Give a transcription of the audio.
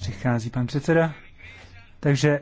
Přichází pan předseda. Takže